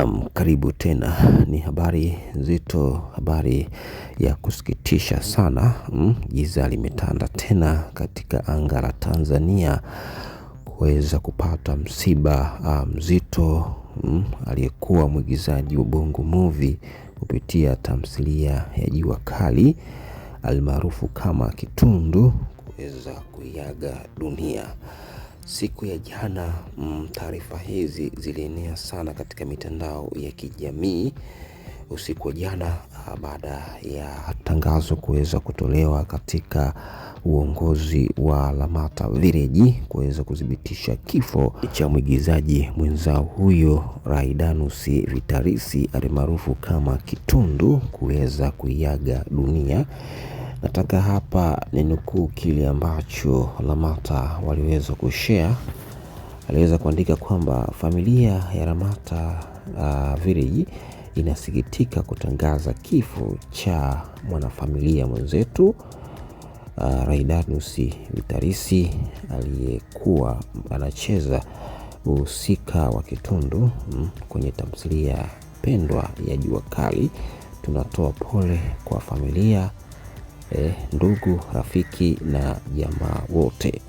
Naam, karibu tena. Ni habari nzito, habari ya kusikitisha sana. Mm, giza limetanda tena katika anga la Tanzania kuweza kupata msiba ah, mzito mm, aliyekuwa mwigizaji wa Bongo Movie kupitia tamthilia ya Jua Kali almaarufu kama Kitundu kuweza kuiaga dunia. Siku ya jana mm, taarifa hizi zilienea sana katika mitandao ya kijamii usiku wa jana ah, baada ya tangazo kuweza kutolewa katika uongozi wa Lamata Village kuweza kuthibitisha kifo cha mwigizaji mwenzao huyo Raidanus Vitarisi alimaarufu kama Kitundu kuweza kuiaga dunia Nataka hapa ninukuu kile ambacho Lamata waliweza kushare. Aliweza kuandika kwamba familia ya Lamata uh, Village inasikitika kutangaza kifo cha mwanafamilia mwenzetu uh, ah, Raidanus Vitarisi aliyekuwa anacheza uhusika wa Kitundu mm, kwenye tamthilia pendwa ya Jua Kali. Tunatoa pole kwa familia eh, ndugu, rafiki na jamaa wote.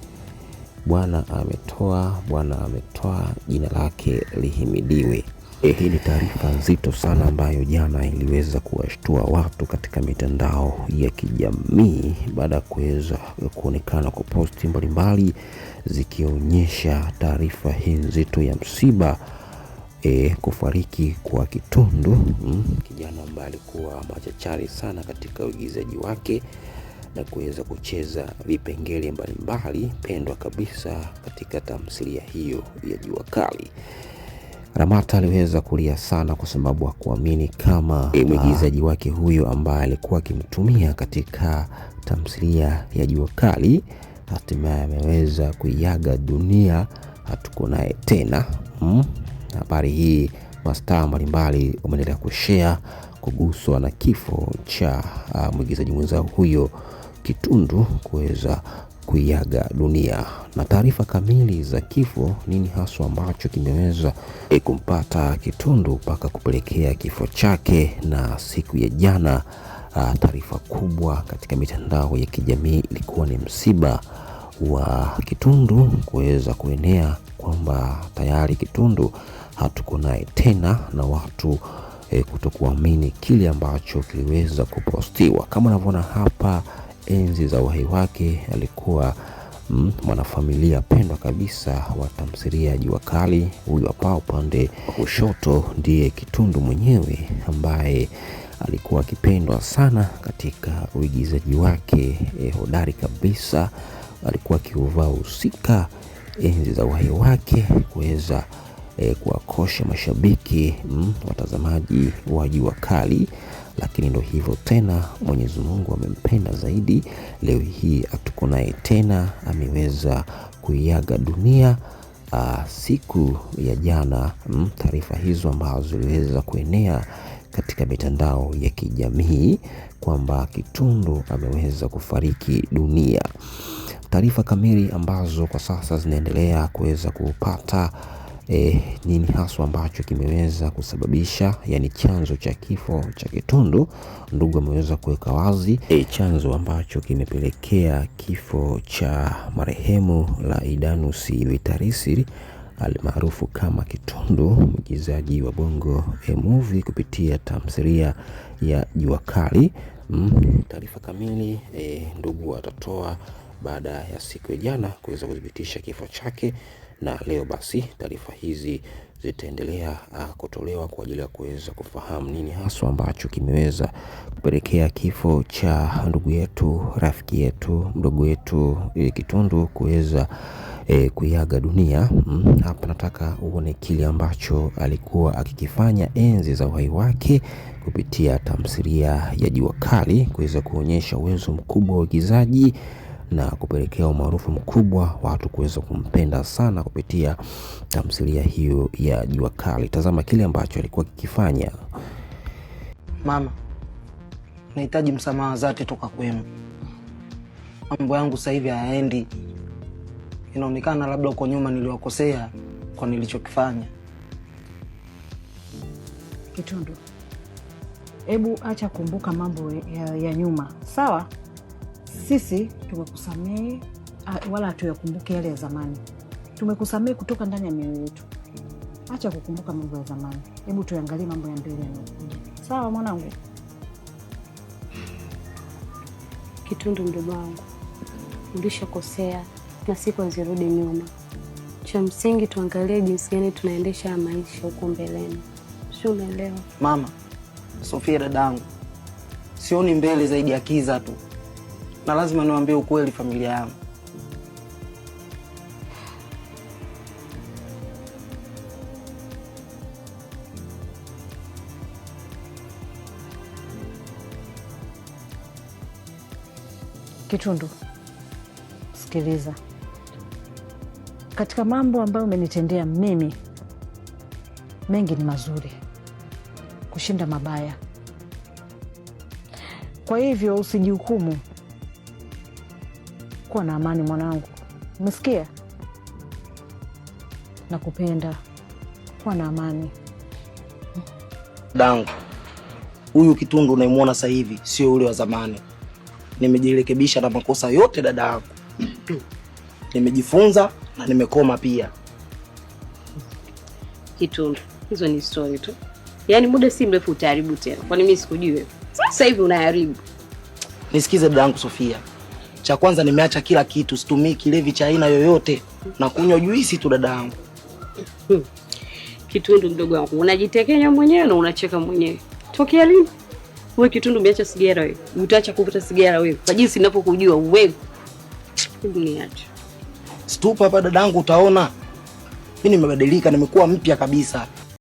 Bwana ametoa, Bwana ametoa, jina lake lihimidiwe. Eh, hii ni taarifa nzito sana ambayo jana iliweza kuwashtua watu katika mitandao ya kijamii baada ya kuweza kuonekana kwa posti mbalimbali zikionyesha taarifa hii nzito ya msiba e, kufariki kwa Kitundu mm, kijana ambaye alikuwa machachari sana katika uigizaji wake na kuweza kucheza vipengele mbalimbali pendwa kabisa katika tamthilia hiyo ya Jua Kali. Ramata aliweza kulia sana kwa sababu hakuamini kama e, mwigizaji wake huyo ambaye alikuwa akimtumia katika tamthilia ya Jua Kali hatimaye ameweza kuiaga dunia, hatuko naye tena mm. Habari hii mastaa mbalimbali wameendelea kushea kuguswa na kifo cha uh, mwigizaji mwenzao huyo Kitundu kuweza kuiaga dunia. Na taarifa kamili za kifo, nini haswa ambacho kimeweza eh, kumpata Kitundu mpaka kupelekea kifo chake, na siku ya jana uh, taarifa kubwa katika mitandao ya kijamii ilikuwa ni msiba wa Kitundu kuweza kuenea kwamba tayari Kitundu hatuko naye tena na watu e, kutokuamini kile ambacho kiliweza kupostiwa. Kama unavyoona hapa, enzi za uhai wake alikuwa mm, mwanafamilia pendwa kabisa wa tamthilia Jua Kali. Huyu hapa upande wa kushoto ndiye Kitundu mwenyewe ambaye alikuwa akipendwa sana katika uigizaji wake e, hodari kabisa. Alikuwa akiuvaa husika enzi za uhai wake kuweza e, kuwakosha mashabiki mm, watazamaji wa jua kali, lakini ndo hivyo tena, Mwenyezi Mungu amempenda zaidi. Leo hii atuko naye tena, ameweza kuiaga dunia a, siku ya jana mm, taarifa hizo ambazo ziliweza kuenea katika mitandao ya kijamii kwamba Kitundu ameweza kufariki dunia. Taarifa kamili ambazo kwa sasa zinaendelea kuweza kupata Eh, nini haswa ambacho kimeweza kusababisha yani chanzo cha kifo cha Kitundu. Ndugu ameweza kuweka wazi e, chanzo ambacho kimepelekea kifo cha marehemu Laidanus Witarisiri almaarufu kama Kitundu, mwigizaji wa Bongo e Movie kupitia tamthilia ya Jua Kali. Mm, taarifa kamili e, ndugu atatoa baada ya siku ya jana kuweza kuthibitisha kifo chake na leo basi taarifa hizi zitaendelea ah, kutolewa kwa ajili ya kuweza kufahamu nini haswa ambacho kimeweza kupelekea kifo cha ndugu yetu, rafiki yetu, mdogo wetu eh, Kitundu kuweza e, kuiaga dunia hmm. Hapa nataka uone kile ambacho alikuwa akikifanya enzi za uhai wake kupitia tamthilia ya Jua Kali kuweza kuonyesha uwezo mkubwa wa uigizaji na kupelekea umaarufu mkubwa, watu kuweza kumpenda sana kupitia tamthilia hiyo ya Jua Kali. Tazama kile ambacho alikuwa kikifanya. Mama, nahitaji msamaha zati toka kwenu. Mambo yangu sasa hivi hayaendi, inaonekana labda uko nyuma niliwakosea kwa nilichokifanya. Kitundu, hebu acha kumbuka mambo ya, ya nyuma, sawa? Sisi tumekusamehe ah, wala hatuyakumbuke yale ya zamani, tumekusamehe kutoka ndani ya mioyo yetu. Acha kukumbuka mambo ya zamani, hebu tuangalie mambo ya mbele yanayokuja. Sawa mwanangu Kitundu, mdogo wangu, ulishakosea na siku hazirudi nyuma. Cha msingi tuangalie jinsi gani tunaendesha ya maisha huko mbeleni, si unaelewa? Mama Sofia, dadangu, sioni mbele zaidi ya kiza tu na lazima niwaambie ukweli familia yangu. Kitundu, sikiliza, katika mambo ambayo umenitendea mimi, mengi ni mazuri kushinda mabaya. Kwa hivyo usijihukumu kuwa na amani mwanangu, umesikia? Nakupenda, kuwa na amani dangu. Huyu Kitundu unayemwona sasa hivi sio ule wa zamani. Nimejirekebisha na makosa yote dada yangu, nimejifunza na nimekoma pia. Kitundu, hizo ni story tu, yaani muda si mrefu utaharibu tena. Kwani mimi sikujui wewe? Sasa hivi unaharibu. Nisikize dada yangu Sofia cha kwanza nimeacha kila kitu, situmii kilevi cha aina yoyote na kunywa juisi tu, dada yangu. Hmm. Kitundu mdogo wangu, unajitekenya mwenyewe na unacheka mwenyewe. Tokea lini wewe Kitundu umeacha sigara wewe? Utaacha kuvuta sigara wewe? Kwa jinsi ninapokujua wewe. Hebu niache. Situpa hapa dadangu, utaona. Mimi nimebadilika, nimekuwa mpya kabisa.